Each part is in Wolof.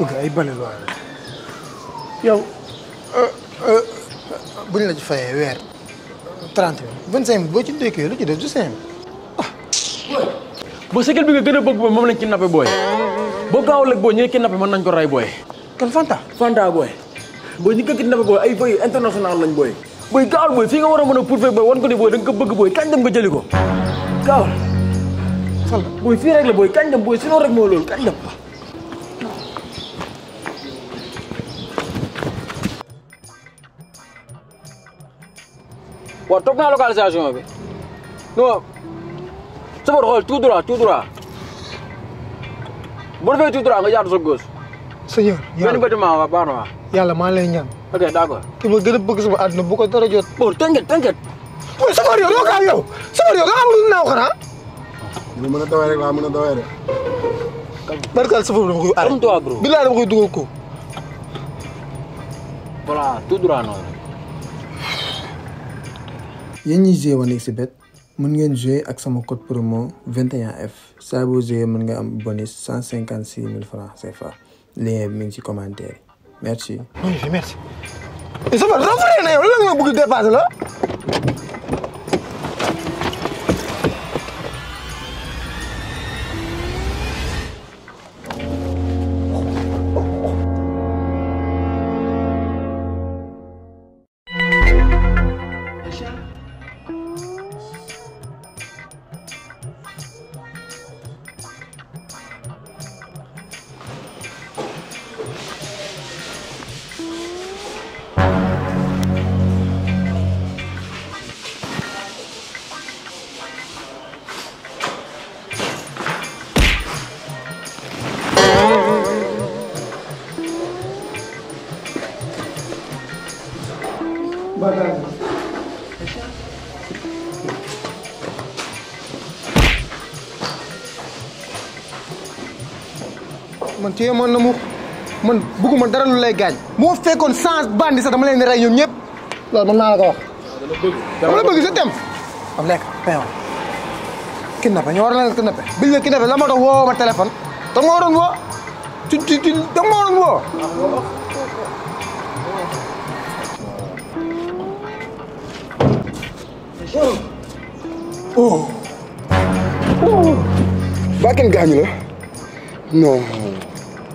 bëgg ay bale lool yow euh, euh, la ci fayee weer trente mille vingt boo ci dékkee lu ci def du cinq mille ah, boo segal bi nga gën booy moom lañ ci nappe boo gaawul ak booy ñu ngi nappe mën nañ ko rey booy kan Fanta Fanta booy booy ñu ngi nappe booy ay booy international lañ booy booy gaawul booy fii nga war a mën a pourfait booy wan ko ni booy da nga ko bëgg booy kañ dem nga jëli ko gaawul booy fii rek la booy kañ dem booy sinon rek moo loolu kañ dem waaw toog naa localisation bi non safar xool tout droit tout droit bu defee tout droit nga jaatu sa gauche. sëñ bi maa lay ñaan. ok d' accord. ki ma gën a bëgg sama àdduna bu ko dara jot. bon tënket tënket. mooy safar yow doo ko am yow safar yow nga am lu naaw a a dawee ko. yéen ñi jouer à mon mën ngeen jouer ak sama code promo 21F saa boo jouer nga am bonus cent cinquante six francs CFA lien commentaire merci. oui merci. et ça va badan. man téye man na man bëgguma dara lu lay gaañ moo sans bandi sax dama leen di rey ñoom ñëpp man naa la ko wax dama la bëgg sa tem am lek peew kidnappé ñu war na la kidnappé biñ la kidnappé la ma tax woo ma téléphone dama waroon woo ci ci dama oh. oh. back in Bakkan gaañu la non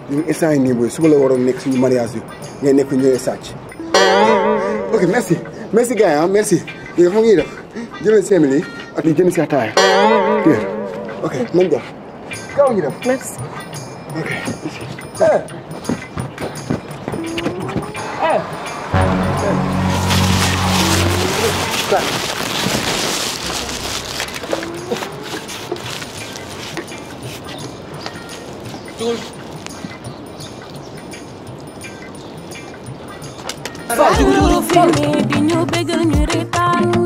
ñu instant yi nii booy next to waroon nekk you. mariage bi ngay nekk ñëwee sàcc. ok merci merci guy. merci You're ngi def jëlal cinq mille yi ak li jënd si ataaya ok nañ go. kaw ñu def merci ok Hey! Hey! Arthur. Faz duro, firme, pinho, pegando,